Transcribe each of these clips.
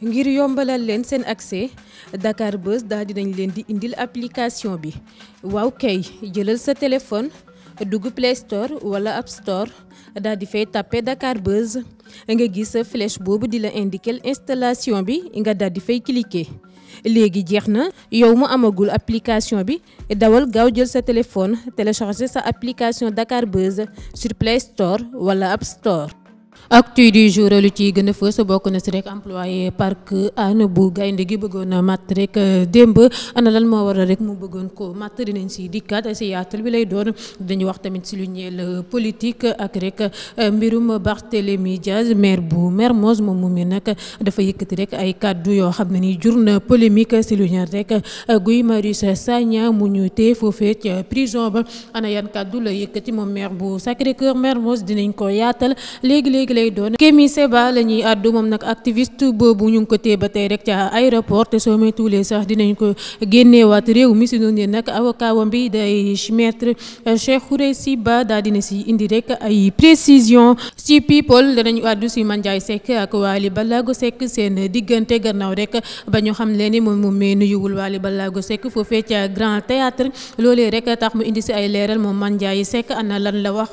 ngir yombalal leen seen accès Dakar Buzz daal dinañ leen di indil application bi waaw kay jëlal sa téléphone dugg Play Store wala App Store daal di fay tàppe Dakar Buzz nga gis sa flèche boobu di la indiquer installation bi nga daal di fay cliquer léegi jeex na yow mu amagul application bi dawal gaaw jël sa téléphone télécharger sa application Dakar Buzz sur Play Store wala App Store. actu du jour lu ciy gën a fës bokk na si rek employé parc Hann bu gaynde gi bëggoon a mat rek euh, démb ana lan moo waral rek mu bëggoon ko matt dinañ si dikkaat si yaatal bi lay doon dañu wax tamit si lu ñeel euh, politique ak rek euh, mbirum Barthélémy Diaz maire bu Mermoz moom mu mi nag dafa yëkkati rek ay kaddu yoo xam ne ni jur na polémique si lu ñeel rek Guy sa Sagna mu ñu tee foofee ca prison ba ana yan kàddu la yëkkati moom maire bu dëgg lay doon Kémi Seba la ñuy àddu moom nag activiste boobu ñu ngi ko tee ba ca aéroport te soo moytuwulee sax dinañ ko génneewaat réew mi si noonu nag avocat wam bi day maître Cheikh Khoureyssi Ba daa na si indi rek ay précision si people danañu àddu si Mandiaye Seck ak Waly Ballago sekk seen diggante gannaaw rek ba ñu xam leen ni moom moom mee nuyuwul Waly Ballago Seck foofee ca Grand Théâtre loolee rek tax mu indi si ay leeral moom Mandiaye sekk ana lan la wax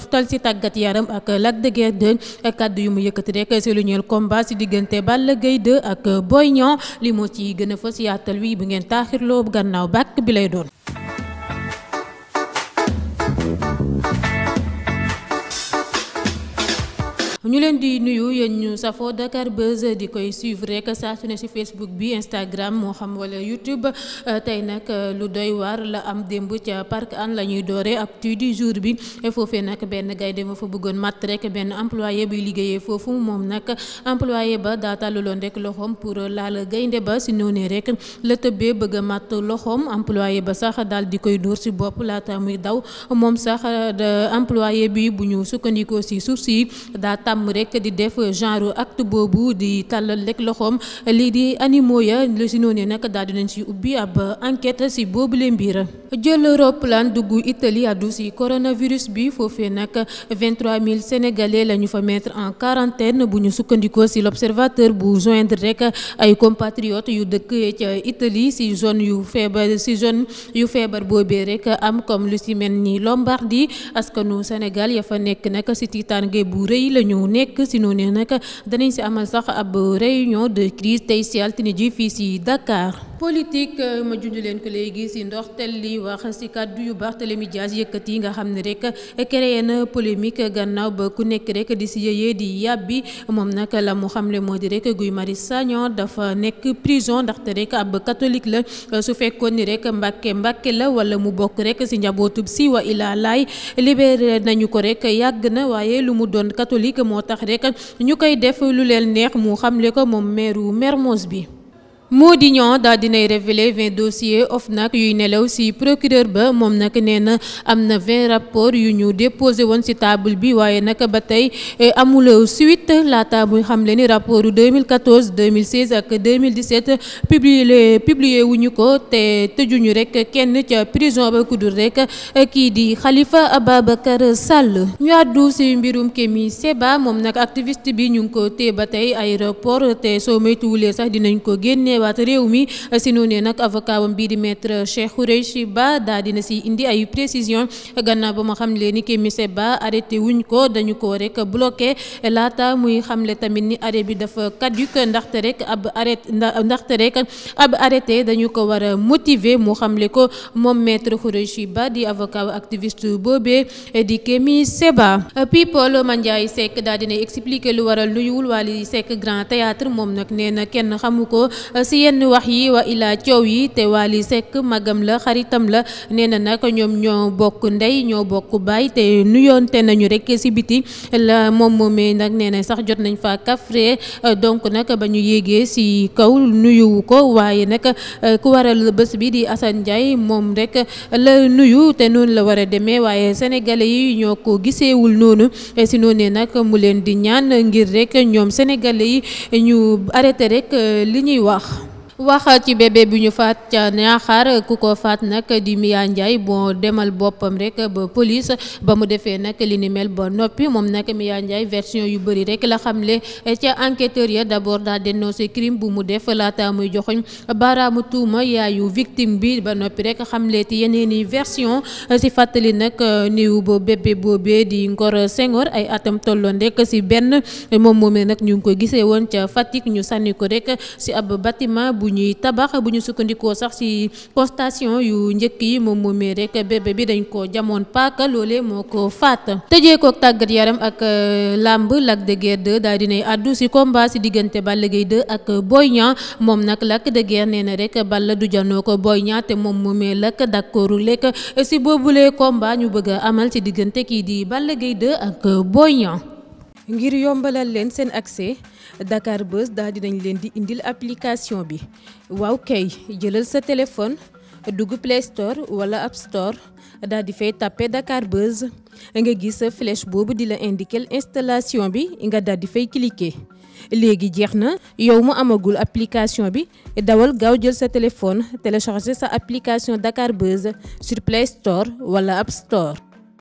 toftal si tàggat yaram ak Lac de Guiers kàddu yu mu yëkkati rek si lu ñeel combat si diggante Balla Gaye 2 ak Boy Niang li moo ci gën a fës yaatal wi bu ngeen taaxirloo gannaaw bàkk bi lay doon ñu leen di nuyu yéen ñu safoo Dakar Buzz di koy suivre rek saa su ne ci Facebook bi Instagram moo xam wala YouTube euh, tey nag euh, lu doy waar la am démb ca Parc Hann la ñuy dooree actu du jours bi foofee nag benn gaynde ma fa bëggoon mat rek benn employé buy liggéeyee foofu moom nag employé ba daa loon rek loxoom pour laal gaynde ba ci noonee rek la tëbbee bëgg a mat loxoom employé ba sax daal di koy dóor ci bopp laata muy daw moom sax euh, employé bi bu ñu sukkandikoo ci source yi daa tàmm rek di def genre acte boobu di tàllal rek loxoom lii di animaux ya lu si noonu nag daal di nañ si ubbi ab enquête si boobu leen mbir jël roplaan dugg Italie addu si coronavirus bi foofee nag 23000 sénégalais la fa mettre en quarantaine bu ñu sukkandikoo si l'observateur bu joindre rek ay compatriotes yu dëkk ca Italie si zone yu feebar si zone yu feebar boobee rek am comme lu si mel ni Lombardie askanu Sénégal ya fa nekk nag si tiitaange bu rëy la nekk si noonu nag danañ si amal sax ab réunion de crise tey si altine ji fii si Dakar. politique euh, ma junj leen ko léegi si ndorteel li wax si kàddu yu baax Barthélemy Dias yëkkati nga xam ne rek créé na polémique gannaaw ba ku nekk rek di si yëyee di yàbbi moom naka la mu xamle moo di rek Guy Marius Sagna dafa nekk prison ndaxte rek ab catholique la euh, su fekkoon ni rek mbàkke mbàkke la wala mu bokk rek si njabootu si wa ilaa laay libéré nañu ko rek yàgg na waaye lu mu doon catholique moo tax rek ñu koy def lu leen neex mu xamle ko moom meeru Mermoz bi Modignan daal dinay révélé vingt dossiers OFNAC yuy nelaw ci procureur ba moom nag nee na am na vingt rapports yu ñu déposé woon ci table bi waaye nag ba tey e, amul suite laata muy xamle ni rapport 2014 2016 ak 2017 publié publié wuñu ko te tëjuñu rek kenn ca prison ba ku dul e, kii di Khalifa Ababacar Sall. ñu àddu ci mbirum Kémi Seba moom nag activiste bi ñu ngi ko téye ba tey aéroport te soo moytuwulee sax dinañ ko génnee. waat réew mi si noonee nag avocat wam bii di maître Ba daa dina si indi ay précision gannaaw ba ma xam leen ni Kémisé Ba arrêté wuñ ko dañu ko rek bloqué laata muy xamle tamit ni arrêt bi dafa caduc ndaxte rek ab arrêt ndaxte rek ab arrêté dañu ko war a motiver mu xamle ko moom maître Khoureyssi Ba di avocat activiste boobee di Kémisé Ba people Mandiaye Seck daa dina expliquer lu waral nuyuwul Wally Seck Grand Théâtre moom nag nee kenn xamu ko ci yenn wax yi wa ilaa coow yi te Wally Seck magam la xaritam la nee na nag ñoom ñoo bokk ndey ñoo bokk baay te nuyoonte nañu rek si biti la moom moom moomee nag nee na sax jot nañu fa kafre donc nag ba ñu yéegee si kaw nuyuwu ko waaye nag euh, ku waral bés bi di Assane Ndiaye moom rek la nuyu te noonu la war a demee waaye sénégalais yi ñoo ko giseewul noonu si noonee nag mu leen di ñaan ngir rek ñoom sénégalais yi ñu arrêté rek euh, li ñuy wax wax ci bébé bi ñu faat ca Niakhar ku ko faat nag di Mia Ndiaye boo demal boppam rek ba police ba mu defee nag li ni mel ba noppi moom nag Mia Ndiaye version yu bëri rekk la xamle ca enquêteur ya daal daa dénoncé crime bu mu def laata muy joxoñ baaraamu tuuma yaayu victime bi ba noppi rek xamle yeneen yeneeni version si fàttali nag ni ba bébé di Ngor sengor ay atam tolloon rek si benn moom moomee nag ñu ngi ko gisee woon ca Fatick ñu sànni ko rek bu ñuy tabax bu ñu sukkandikoo sax ci constation yu njëkk yi moom moomee rek bébé bi dañ ko jamoon paaka loolee moo ko faat tëjee koog tàggat yaram ak euh, làmb Lac de Guiers 2 daal dinay addu ci combat ci diggante Balla Gaye 2 ak Boy Niang moom nag lakk de Guiers nee na rek Balla du janoo ko Boy Niang te moom moomee lakk d'accordu lekk ci boobulee combat ñu bëgg a amal ci diggante kii di Balla Gaye 2 ak Boy ngir yombalal leen seen accès Dakar Buzz di dinañ leen di indil application bi waaw kay jëlal sa téléphone dugg Play Store wala App Store daal di fay tapé Dakar Buzz nga gis sa flèche boobu di la indiquer installation bi nga daal di fay cliquer léegi jeex na yow mu amagul application bi dawal gaaw jël sa téléphone télécharger sa application Dakar Buzz sur Play Store wala App Store.